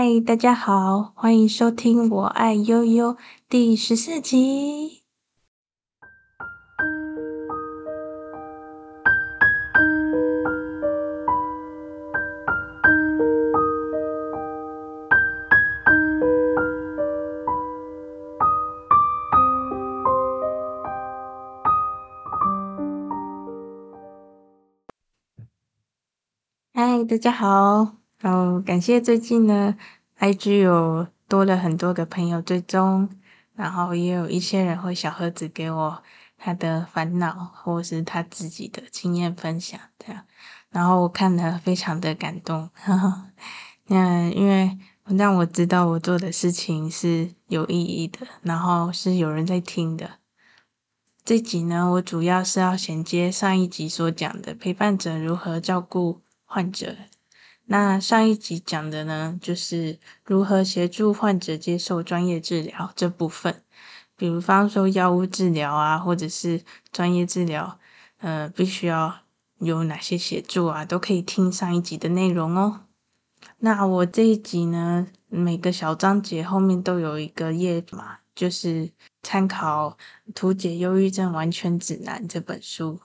嗨，大家好，歡迎收聽《我愛憂憂》第十四集。嗨，大家好。然後，哦，感謝最近呢，IG 有多了很多個朋友追蹤，然後也有一些人會小盒子給我他的煩惱或是他自己的經驗分享，這樣，啊，然後我看了非常的感動，那呵呵、嗯、因為讓我知道我做的事情是有意義的，然後是有人在聽的。這集呢，我主要是要銜接上一集所講的陪伴者如何照顧患者。那上一集講的呢，就是如何協助患者接受專業治療這部分，比如方說藥物治療啊，或者是專業治療，呃，必須要有哪些協助啊，都可以聽上一集的內容哦。那我這一集呢，每個小章節後面都有一個頁碼，就是參考《圖解憂鬱症完全指南》這本書，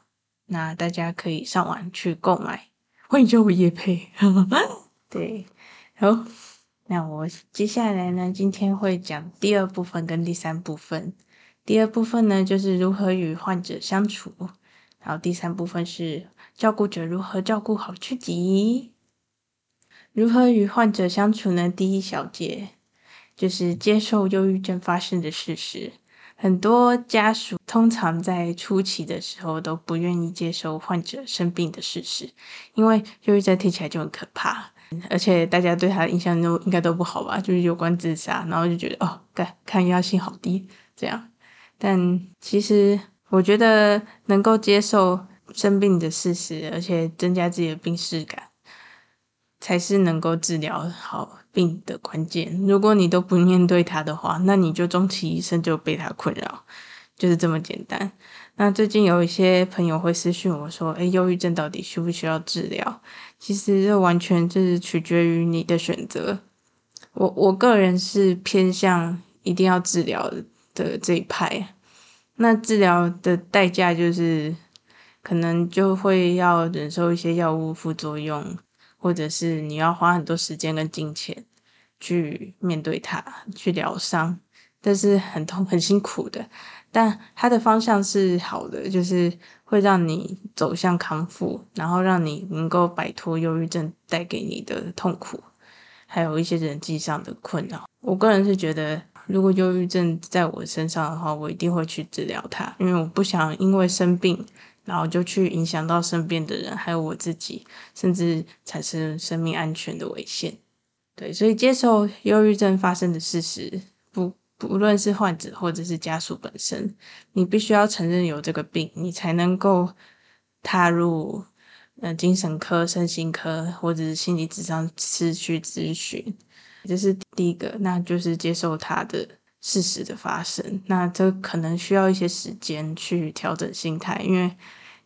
那大家可以上網去購買。.歡迎叫我葉佩， 對，好，那我接下來呢，今天會講第二部分跟第三部分。第二部分呢，就是如何與患者相處，然後第三部分是照顧者如何照顧好自己。如何與患者相處呢？第一小節就是接受憂鬱症發生的事實。很多家屬通常在初期的時候都不願意接受患者生病的事實，因為憂鬱症聽起來就很可怕，而且大家對他的印象都應該都不好吧，就是有關自殺，然後就覺得哦，看看藥性好低這樣。但其實我覺得能夠接受生病的事實，而且增加自己的病恥感，才是能夠治療好。病的關鍵，如果你都不面對它的話，那你就終其一生就被它困擾，就是這麼簡單。那最近有一些朋友會私訊我說：“誒，憂鬱症到底需不需要治療？”其實這完全就是取決於你的選擇。我我個人是偏向一定要治療的這一派。那治療的代價就是，可能就會要忍受一些藥物副作用。或者是你要花很多時間跟金錢去面對它，去療傷，但是很痛很辛苦的。但它的方向是好的，就是會讓你走向康復，然後讓你能夠擺脫憂鬱症帶給你的痛苦，還有一些人際上的困擾。我個人是覺得，如果憂鬱症在我身上的話，我一定會去治療它，因為我不想因為生病。然後就去影響到身邊的人，還有我自己，甚至產生生命安全的危險。對，所以接受憂鬱症發生的事實，不不論是患者或者是家屬本身，你必須要承認有這個病，你才能夠踏入呃精神科、身心科或者是心理諮商室去諮詢。這是第一個，那就是接受他的。事實的發生，那這可能需要一些時間去調整心態，因為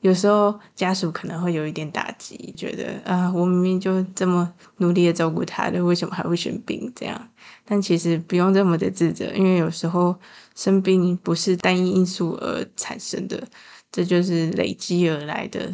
有時候家屬可能會有一點打擊，覺得啊、呃，我明明就這麼努力的照顧他了，為什麼還會生病這樣？但其實不用這麼的自責，因為有時候生病不是單一因素而產生的，這就是累積而來的，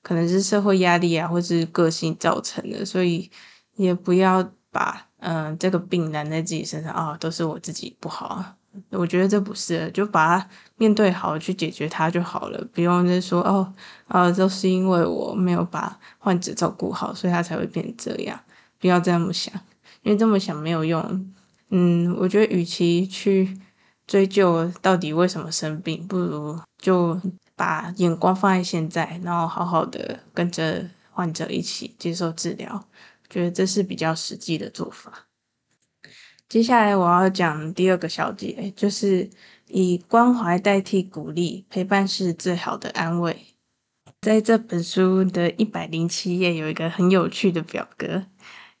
可能是社會壓力啊，或是個性造成的，所以也不要把。嗯、呃，這個病難在自己身上啊、哦，都是我自己不好、啊。我覺得這不是，就把它面對好，去解決它就好了，不用再說哦，啊、哦，都是因為我沒有把患者照顧好，所以他才會變這樣。不要這樣想，因為這麼想沒有用。嗯，我覺得與其去追究到底為什麼生病，不如就把眼光放在現在，然後好好的跟着患者一起接受治療。覺得這是比較實際的做法。接下來我要講第二個小節，就是以關懷代替鼓勵，陪伴是最好的安慰。在這本書的一百零七頁有一個很有趣的表格，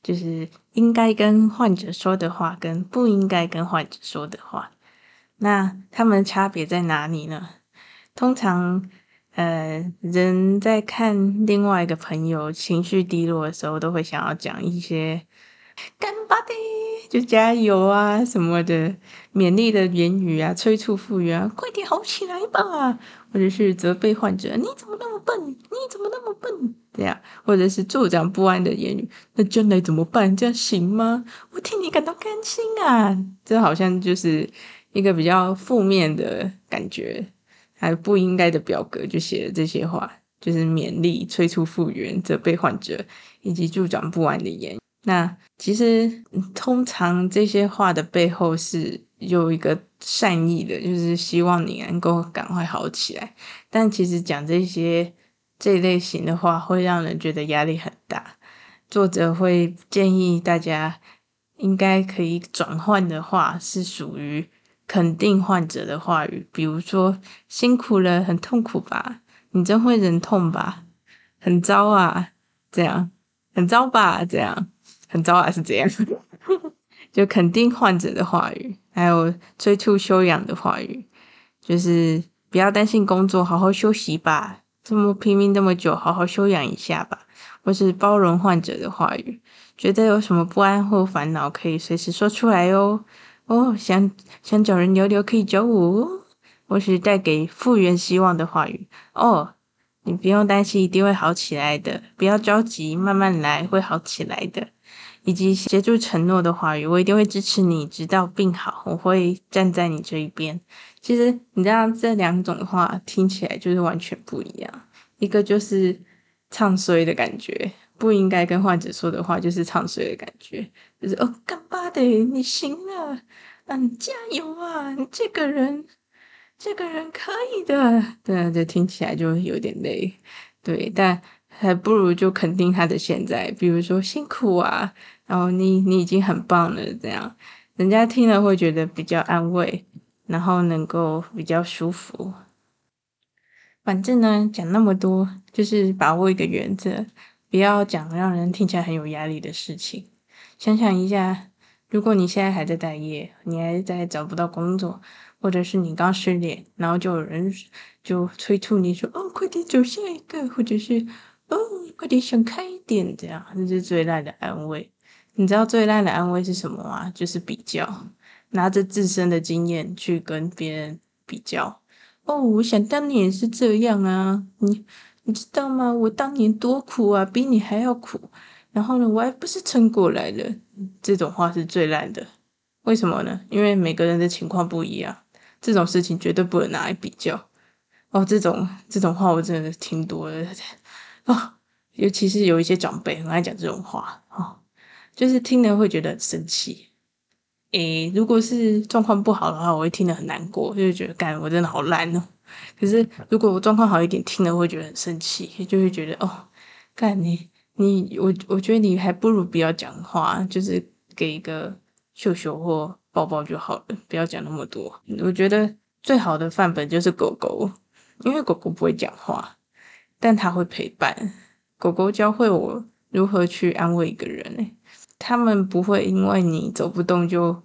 就是應該跟患者說的話跟不應該跟患者說的話。那他們差別在哪裡呢？通常。呃，人在看另外一個朋友情緒低落的時候，都會想要講一些乾巴的，就加油啊什麼的，勉勵的言語啊，催促復原啊，快點好起來吧，或者是責備患者，你怎麼那麼笨？你怎麼那麼笨？這樣，或者是助長不安的言語，那將來怎麼辦？這樣行嗎？我替你感到開心啊，這好像就是一個比較負面的感覺。還不應該的表格就寫了這些話，就是勉勵、催促復原、責備患者以及助長不安的言語。那其實通常這些話的背後是有一個善意的，就是希望你能夠趕快好起來。但其實講這些這類型的話，會讓人覺得壓力很大。作者會建議大家應該可以轉換的話，是屬於。肯定患者的話語，比如說辛苦了，很痛苦吧？你真會忍痛吧？很糟啊，這樣很糟吧？這樣很糟啊？是這樣， 就肯定患者的話語，還有催促休養的話語，就是不要擔心工作，好好休息吧。這麼拼命這麼久，好好休養一下吧。或是包容患者的話語，覺得有什麼不安或煩惱，可以隨時說出來喲、哦。哦，想想找人聊聊可以找我哦，或許帶給復原希望的話語哦。你不用擔心，一定會好起來的，不要着急，慢慢來，會好起來的。以及協助承諾的話語，我一定會支持你，直到病好，我會站在你這一邊。其實你知道這兩種話聽起來就是完全不一樣，一個就是唱衰的感覺。不應該跟患者說的話，就是唱衰的感覺，就是哦，干巴的，你行了，嗯，加油啊，你這個人，這個人可以的，對，就聽起來就有點累，對，但還不如就肯定他的現在，比如說辛苦啊，然後你你已經很棒了，這樣，人家聽了會覺得比較安慰，然後能夠比較舒服。反正呢，講那麼多，就是把握一個原則。不要講讓人聽起來很有壓力的事情。想想一下，如果你現在還在待業，你還在找不到工作，或者是你剛失戀，然後就有人就催促你說：“哦，快點走下一個”，或者是“哦，快點想開一點”這樣，這是最爛的安慰。你知道最爛的安慰是什麼嗎？就是比較，拿着自身的經驗去跟別人比較。哦，我想當年也是這樣啊，你。你知道嗎？我當年多苦啊，比你還要苦。然後呢，我還不是撐過來了。這種話是最爛的。為什麼呢？因為每個人的情況不一樣，這種事情絕對不能拿來比較。哦，這種這種話我真的聽多了哦，尤其是有一些長輩很愛講這種話哦，就是聽了會覺得生氣。誒，如果是狀況不好的話，我會聽得很難過，就會覺得幹我真的好爛哦。可是，如果我狀況好一點，聽了會覺得很生氣，就會覺得哦，看你你我，我覺得你還不如不要講話，就是給一個秀秀或抱抱就好了，不要講那麼多。我覺得最好的範本就是狗狗，因為狗狗不會講話，但它會陪伴。狗狗教會我如何去安慰一個人，哎，它們不會因為你走不動就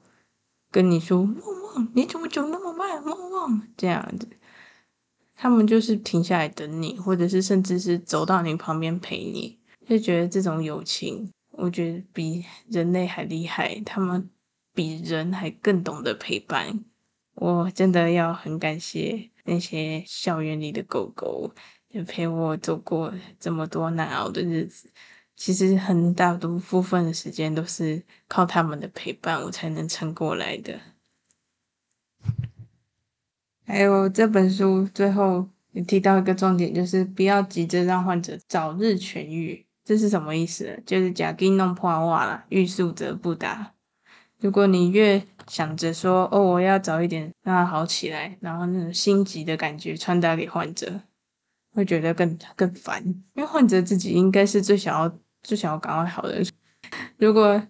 跟你說汪汪，你怎麼走那麼慢，汪汪，這樣子。他們就是停下來等你，或者是甚至是走到你旁邊陪你，就覺得這種友情，我覺得比人類還厲害。他們比人還更懂得陪伴。我真的要很感謝那些校園裡的狗狗，也陪我走過這麼多難熬的日子。其實很大多部分的時間都是靠他們的陪伴，我才能撐過來的。還有這本書最後也提到一個重點，就是不要急着讓患者早日痊癒，這是什麼意思呢？就是吃緊弄破碗了，欲速則不達。如果你越想着說哦，我要早一點讓他好起來，然後那種心急的感覺傳達給患者，會覺得更更煩，因為患者自己應該是最想要最想要趕快好的。如果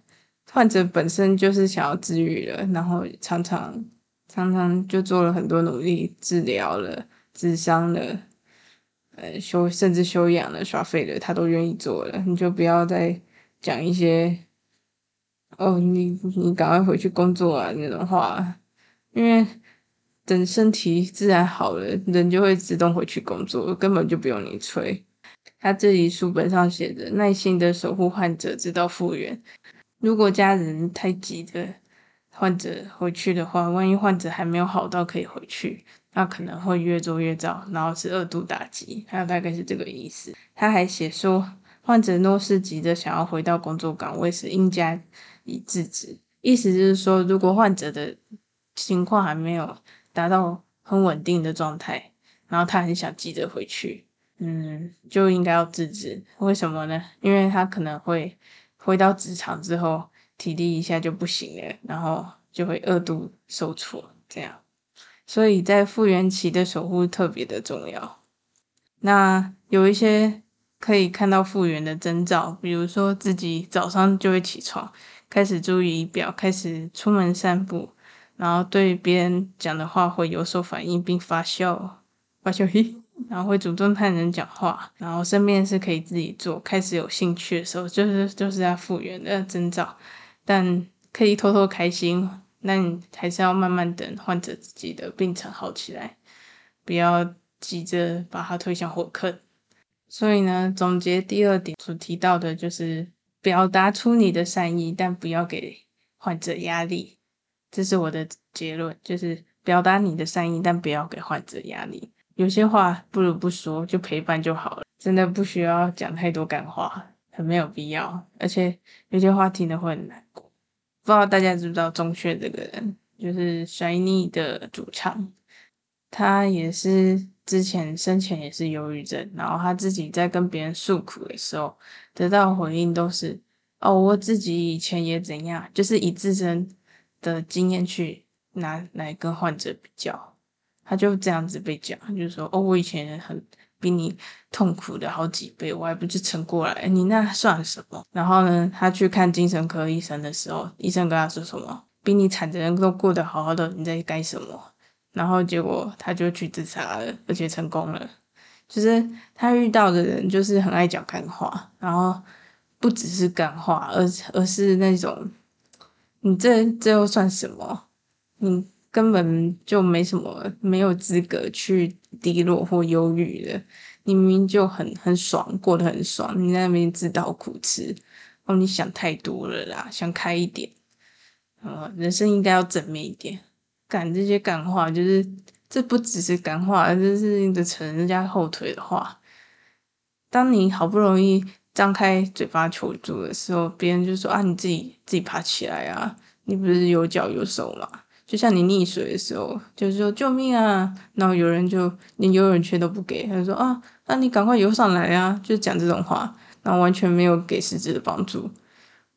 患者本身就是想要治癒了，然後常常。常常就做了很多努力，治療了，諮商了，呃休甚至休養了，耍廢了，他都願意做了。你就不要再講一些哦，你你趕快回去工作啊，那種話，因為等身體自然好了，人就會自動回去工作，根本就不用你催。他這裡書本上寫着：耐心的守護患者，直到復原。如果家人太急的。患者回去的話，萬一患者還沒有好到可以回去，那可能會越做越糟，然後是二度打擊，還有大概是這個意思。他還寫說，患者若是急着想要回到工作崗位時，應加以制止。意思就是說，如果患者的情況還沒有達到很穩定的狀態，然後他很想急着回去，嗯，就應該要制止。為什麼呢？因為他可能會回到職場之後。體力一下就不行了，然後就會二度受挫，這樣。所以在復原期的守護特別的重要。那有一些可以看到復原的徵兆，比如說自己早上就會起床，開始注意儀表，開始出門散步，然後對別人講的話會有所反應並發笑，發笑嘿，然後會主動派人講話，然後身邊是可以自己做，開始有興趣的時候，就是就是在復原的徵兆。但可以偷偷開心，那你還是要慢慢等患者自己的病程好起來，不要急着把他推向火坑。所以呢，總結第二點所提到的就是表達出你的善意，但不要給患者壓力。這是我的結論，就是表達你的善意，但不要給患者壓力。有些話不如不說，就陪伴就好了，真的不需要講太多幹話。很沒有必要，而且有些話聽了會很難過。不知道大家知不知道鐘炫這個人，就是 Shiny 的主唱，他也是之前生前也是憂鬱症，然後他自己在跟別人訴苦的時候，得到的回應都是哦，我自己以前也怎樣，就是以自身的經驗去拿來跟患者比較，他就這樣子被講，就是說哦，我以前很。比你痛苦的好幾倍，我還不就撐過來，你那算什麼？然後呢，他去看精神科醫生的時候，醫生跟他說什麼？比你慘的人都過得好好的，你在幹什麼？然後結果他就去自殺了，而且成功了。就是他遇到的人就是很愛講幹話，然後不只是幹話，而而是那種你這這又算什麼？你。根本就沒什麼，沒有資格去低落或憂鬱的。你明明就很很爽，過得很爽。你在那邊自討苦吃，哦，你想太多了啦，想開一點。呃、嗯，人生應該要正面一點。幹，這些幹話，就是這不只是幹話，而這是你的扯人家後腿的話。當你好不容易張開嘴巴求助的時候，別人就說啊，你自己自己爬起來啊，你不是有腳有手嗎？就像你溺水的時候，就是說救命啊，然後有人就連游泳圈都不給，他就說啊，那你趕快游上來啊，就講這種話，然後完全沒有給實質的幫助。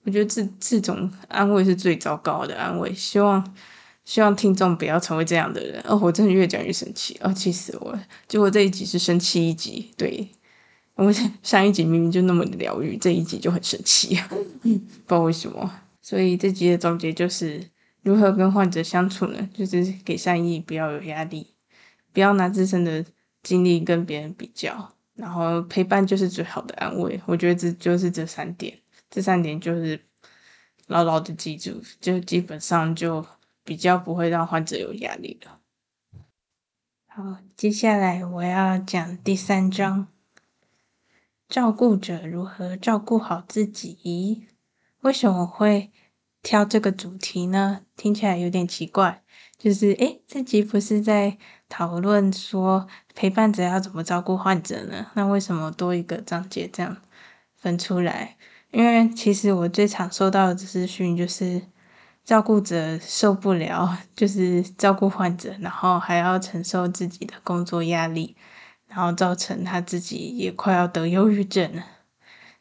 我覺得這這種安慰是最糟糕的安慰。希望希望聽眾不要成為這樣的人。哦，我真的越講越生氣，哦，氣死我了！結果這一集是生氣一集，對，我們上一集明明就那麼療癒，這一集就很生氣，啊嗯，不知道為什麼。所以這集的總結就是。如何跟患者相處呢？就是給善意，不要有壓力，不要拿自身的經歷跟別人比較，然後陪伴就是最好的安慰。我覺得這就是這三點，這三點就是牢牢的記住，就基本上就比較不會讓患者有壓力了。好，接下來我要講第三章，照顧者如何照顧好自己？為什麼會？挑這個主題呢，聽起來有點奇怪。就是，誒、欸，這集不是在討論說陪伴者要怎麼照顧患者呢？那為什麼多一個章節這樣分出來？因為其實我最常收到的私訊就是，照顧者受不了，就是照顧患者，然後還要承受自己的工作壓力，然後造成他自己也快要得憂鬱症了。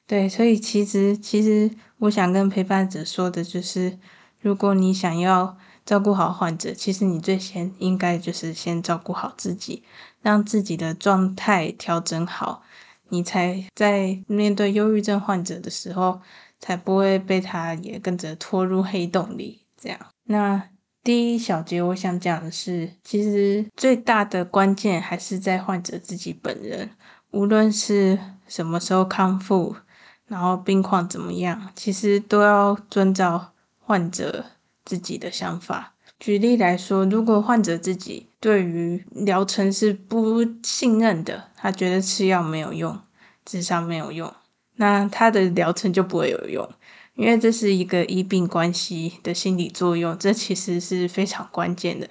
對，所以其實其實。我想跟陪伴者說的就是，如果你想要照顧好患者，其實你最先應該就是先照顧好自己，讓自己的狀態調整好，你才在面對憂鬱症患者的時候，才不會被他也跟着拖入黑洞裡。這樣，那第一小節我想講的是，其實最大的關鍵還是在患者自己本人，無論是什麼時候康復。然後病況怎麼樣？其實都要遵照患者自己的想法。舉例來說，如果患者自己對於療程是不信任的，他覺得吃藥沒有用，諮商沒有用，那他的療程就不會有用，因為這是一個醫病關係的心理作用，這其實是非常關鍵的。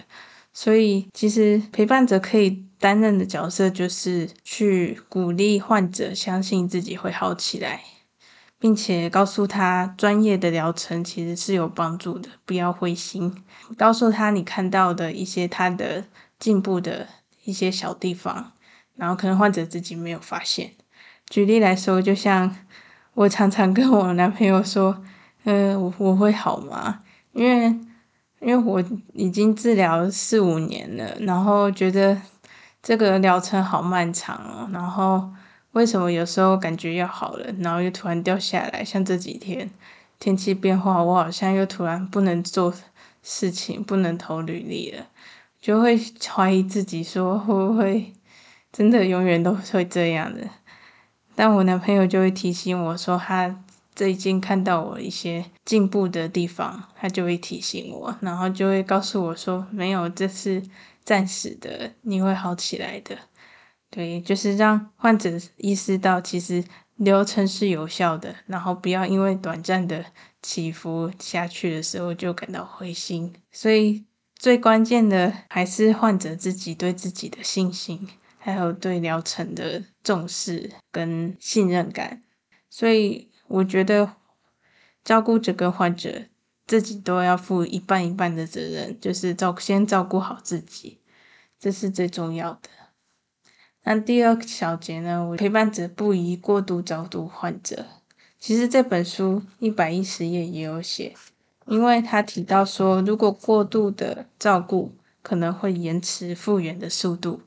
所以，其實陪伴者可以擔任的角色就是去鼓勵患者相信自己會好起來。並且告訴他，專業的療程其實是有幫助的，不要灰心。告訴他你看到的一些他的進步的一些小地方，然後可能患者自己沒有發現。舉例來說，就像我常常跟我男朋友說：“嗯，我我會好嗎？因為因為我已經治療四五年了，然後覺得這個療程好漫長哦。”然後。為什麼有時候感覺要好了，然後又突然掉下來？像這幾天天氣變化，我好像又突然不能做事情，不能投履歷了，就會懷疑自己，說會不會真的永遠都會這樣的？但我男朋友就會提醒我說，他最近看到我一些進步的地方，他就會提醒我，然後就會告訴我說，沒有，這是暫時的，你會好起來的。對，就是讓患者意識到其實療程是有效的，然後不要因為短暫的起伏下去的時候就感到灰心。所以最關鍵的還是患者自己對自己的信心，還有對療程的重視跟信任感。所以我覺得照顧整個患者者跟自己都要負一半一半的責任，就是照先照顧好自己，這是最重要的。那第二小節呢，陪伴者不宜過度照顧患者。其實這本書一百一十頁也有寫，因為他提到說，如果過度的照顧，可能會延遲復原的速度，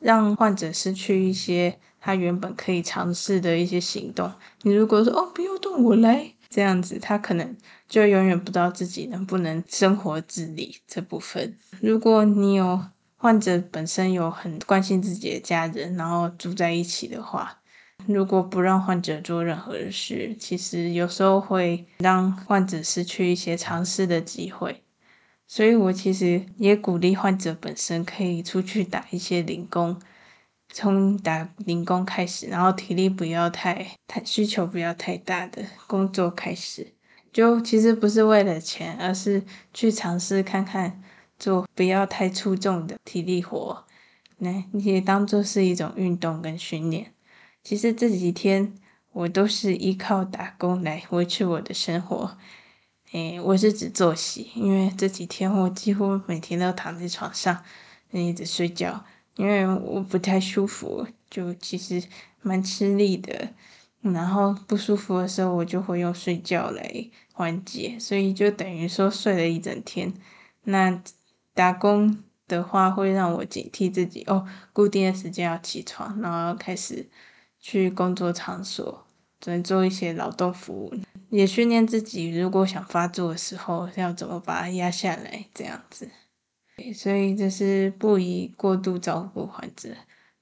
讓患者失去一些他原本可以嘗試的一些行動。你如果說哦，不要動，我來。這樣子，他可能就永遠不知道自己能不能生活自理這部分。如果你有。患者本身有很關心自己的家人，然後住在一起的話，如果不讓患者做任何事，其實有時候會讓患者失去一些嘗試的機會。所以我其實也鼓勵患者本身可以出去打一些零工，從打零工開始，然後體力不要太、太需求不要太大的工作開始，就其實不是為了錢，而是去嘗試看看。做不要太粗重的體力活，那你也當做是一種運動跟訓練。其實這幾天我都是依靠打工來維持我的生活。誒，我是指作息，因為這幾天我幾乎每天都躺在床上，一直睡覺，因為我不太舒服，就其實蠻吃力的。然後不舒服的時候，我就會用睡覺來緩解，所以就等於說睡了一整天。那打工的話會讓我警惕自己哦，固定的時間要起床，然後要開始去工作場所，只能做一些勞動服務，也訓練自己。如果想發作的時候，要怎麼把它壓下來，這樣子。所以這是不宜過度照顧患者，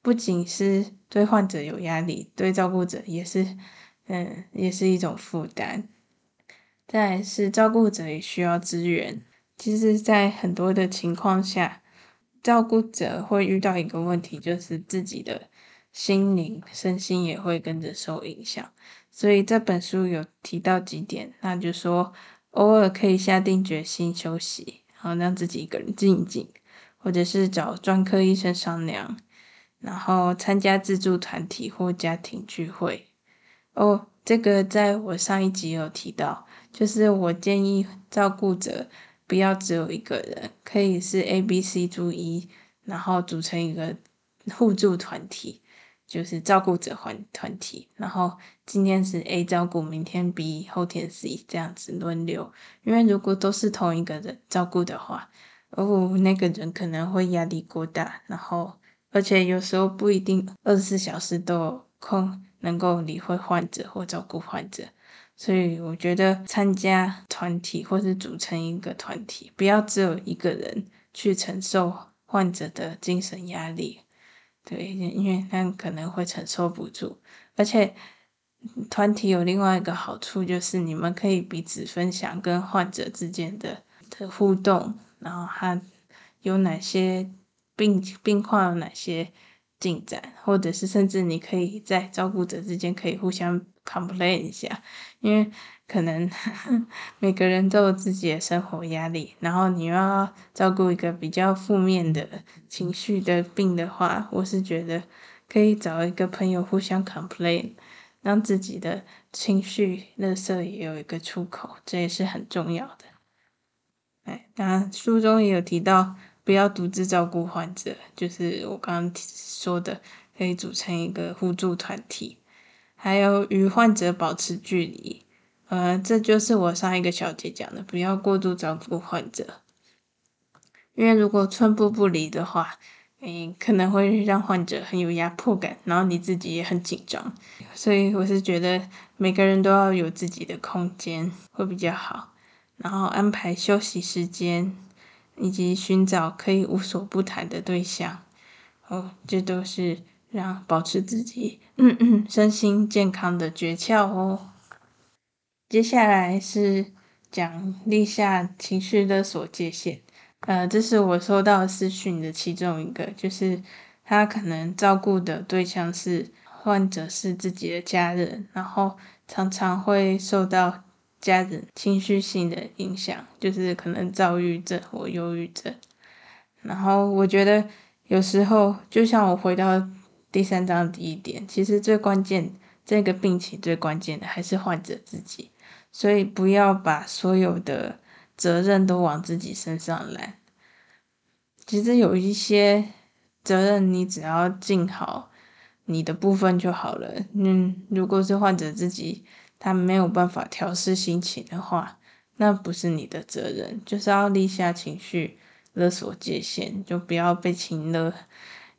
不僅是對患者有壓力，對照顧者也是，嗯，也是一種負擔。再來是照顧者也需要支援。其實，在很多的情況下，照顧者會遇到一個問題，就是自己的心靈、身心也會跟着受影響。所以這本書有提到幾點，那就說偶爾可以下定決心休息，然後讓自己一個人靜一靜，或者是找專科醫生商量，然後參加自助團體或家庭聚會。哦，這個在我上一集有提到，就是我建議照顧者。不要只有一個人，可以是 A、B、C 組一，然後組成一個互助團體，就是照顧者團團體。然後今天是 A 照顧，明天 B，後天是 C 這樣子輪流。因為如果都是同一個人照顧的話，哦，那個人可能會壓力過大，然後而且有時候不一定二十四小時都有空能夠理會患者或照顧患者。所以我覺得參加團體或是組成一個團體，不要只有一個人去承受患者的精神壓力，對，因為那樣可能會承受不住。而且，團體有另外一個好處就是你們可以彼此分享跟患者之間的的互動，然後他有哪些病病況有哪些進展，或者是甚至你可以在照顧者之間可以互相。complain 一下，因為可能，呵呵，每個人都有自己的生活壓力，然後你要照顧一個比較負面的情緒的病的話，我是覺得可以找一個朋友互相 complain，讓自己的情緒垃圾也有一個出口，這也是很重要的。哎，當然書中也有提到，不要獨自照顧患者，就是我剛剛說的，可以組成一個互助團體。還有與患者保持距離，呃，這就是我上一個小節講的，不要過度照顧患者，因為如果寸步不離的話，嗯，可能會讓患者很有壓迫感，然後你自己也很緊張，所以我是覺得每個人都要有自己的空間會比較好，然後安排休息時間，以及尋找可以無所不談的對象，哦，這都是。然後保持自己嗯嗯，身心健康的訣竅哦。接下來是講立下情緒勒索界線。呃，這是我收到的私訊的其中一個，就是他可能照顧的對象是患者，是自己的家人，然後常常會受到家人情緒性的影響，就是可能躁鬱症或憂鬱症。然後我覺得有時候就像我回到。第三章第一點，其實最關鍵，這個病情最關鍵的還是患者自己，所以不要把所有的責任都往自己身上攬。其實有一些責任，你只要盡好你的部分就好了。嗯，如果是患者自己，他沒有辦法調適心情的話，那不是你的責任，就是要立下情緒勒索界線，就不要被情勒。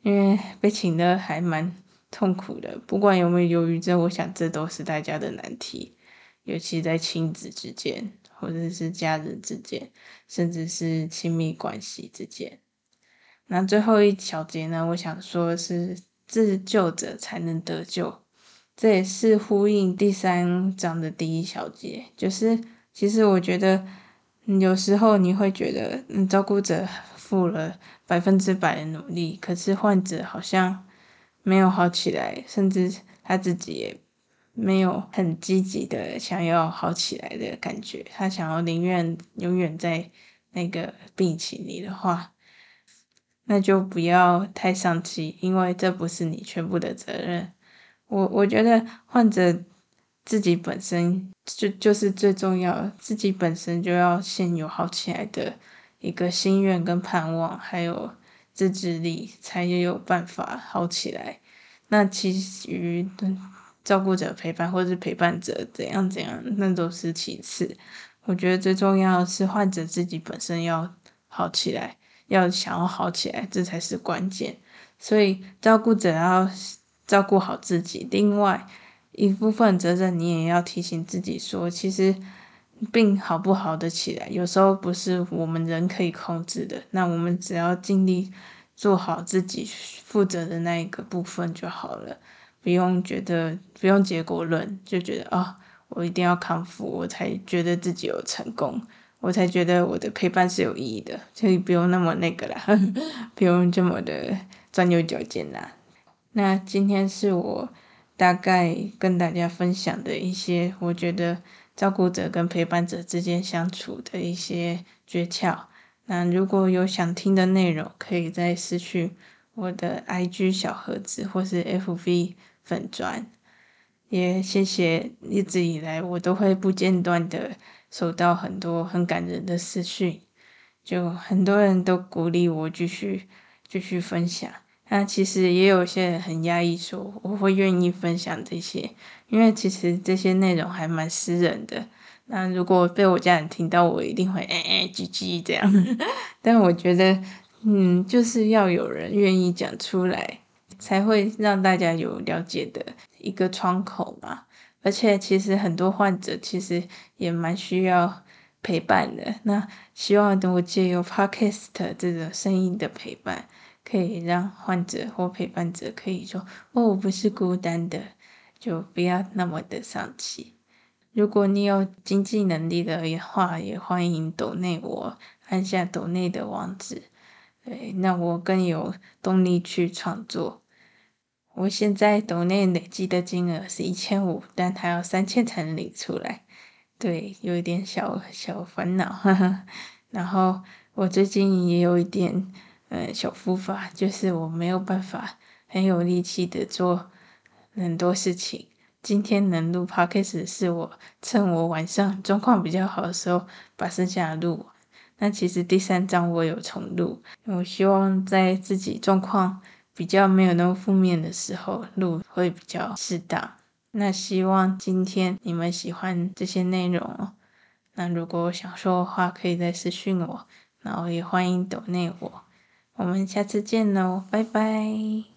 因為被請的還蠻痛苦的，不管有沒有憂鬱症，我想這都是大家的難題，尤其在親子之間，或者是家人之間，甚至是親密關係之間。那最後一小節呢，我想說的是，自救者才能得救，這也是呼應第三章的第一小節，就是其實我覺得有時候你會覺得，嗯，照顧者。付了百分之百的努力，可是患者好像沒有好起來，甚至他自己也沒有很積極的想要好起來的感覺。他想要寧願永遠在那個病情裡的話，那就不要太喪氣，因為這不是你全部的責任。我我覺得患者自己本身就就是最重要，自己本身就要先有好起來的一個心願跟盼望，還有自制力，才也有辦法好起來。那其餘的照顧者陪伴或者是陪伴者怎樣怎樣，那都是其次。我覺得最重要是患者自己本身要好起來，要想要好起來，這才是關鍵。所以照顧者要照顧好自己，另外一部分責任你也要提醒自己說，其實。病好不好的起來，有時候不是我們人可以控制的。那我們只要盡力做好自己負責的那一個部分就好了，不用覺得，不用結果論，就覺得啊、哦，我一定要康復，我才覺得自己有成功，我才覺得我的陪伴是有意義的，所以不用那麼那個啦，呵呵，不用這麼的鑽牛角尖啦。那今天是我大概跟大家分享的一些，我覺得。照顧者跟陪伴者之間相處的一些訣竅。那如果有想聽的內容，可以再私訊我的 IG 小盒子或是 FB 粉專。也謝謝一直以來我都會不間斷的收到很多很感人的私訊，就很多人都鼓勵我繼續繼續分享。那其實也有一些人很壓抑說，說我會願意分享這些。因為其實這些內容還蠻私人的，那如果被我家人聽到，我一定會哎哎唧唧這樣。但我覺得，嗯，就是要有人願意講出來，才會讓大家有了解的一個窗口嘛。而且其實很多患者其實也蠻需要陪伴的。那希望等我借由 Podcast 這個聲音的陪伴，可以讓患者或陪伴者可以說，哦，我不是孤單的。就不要那麼的喪氣。如果你有經濟能力的話，也歡迎抖內我按下抖內的網址，對，那我更有動力去創作。我現在抖內累積的金額是一千五，但還要三千才能領出來，對，有一點小小煩惱，哈哈。然後我最近也有一點呃小復發，就是我沒有辦法很有力氣的做。很多事情，今天能錄 Podcast 是我趁我晚上狀況比較好的時候把剩下的錄。那其實第三章我有重錄，我希望在自己狀況比較沒有那麼負面的時候錄會比較適當。那希望今天你們喜歡這些內容哦。那如果想說的話，可以再私訊我，然後也歡迎抖內我。我們下次見嘍，拜拜。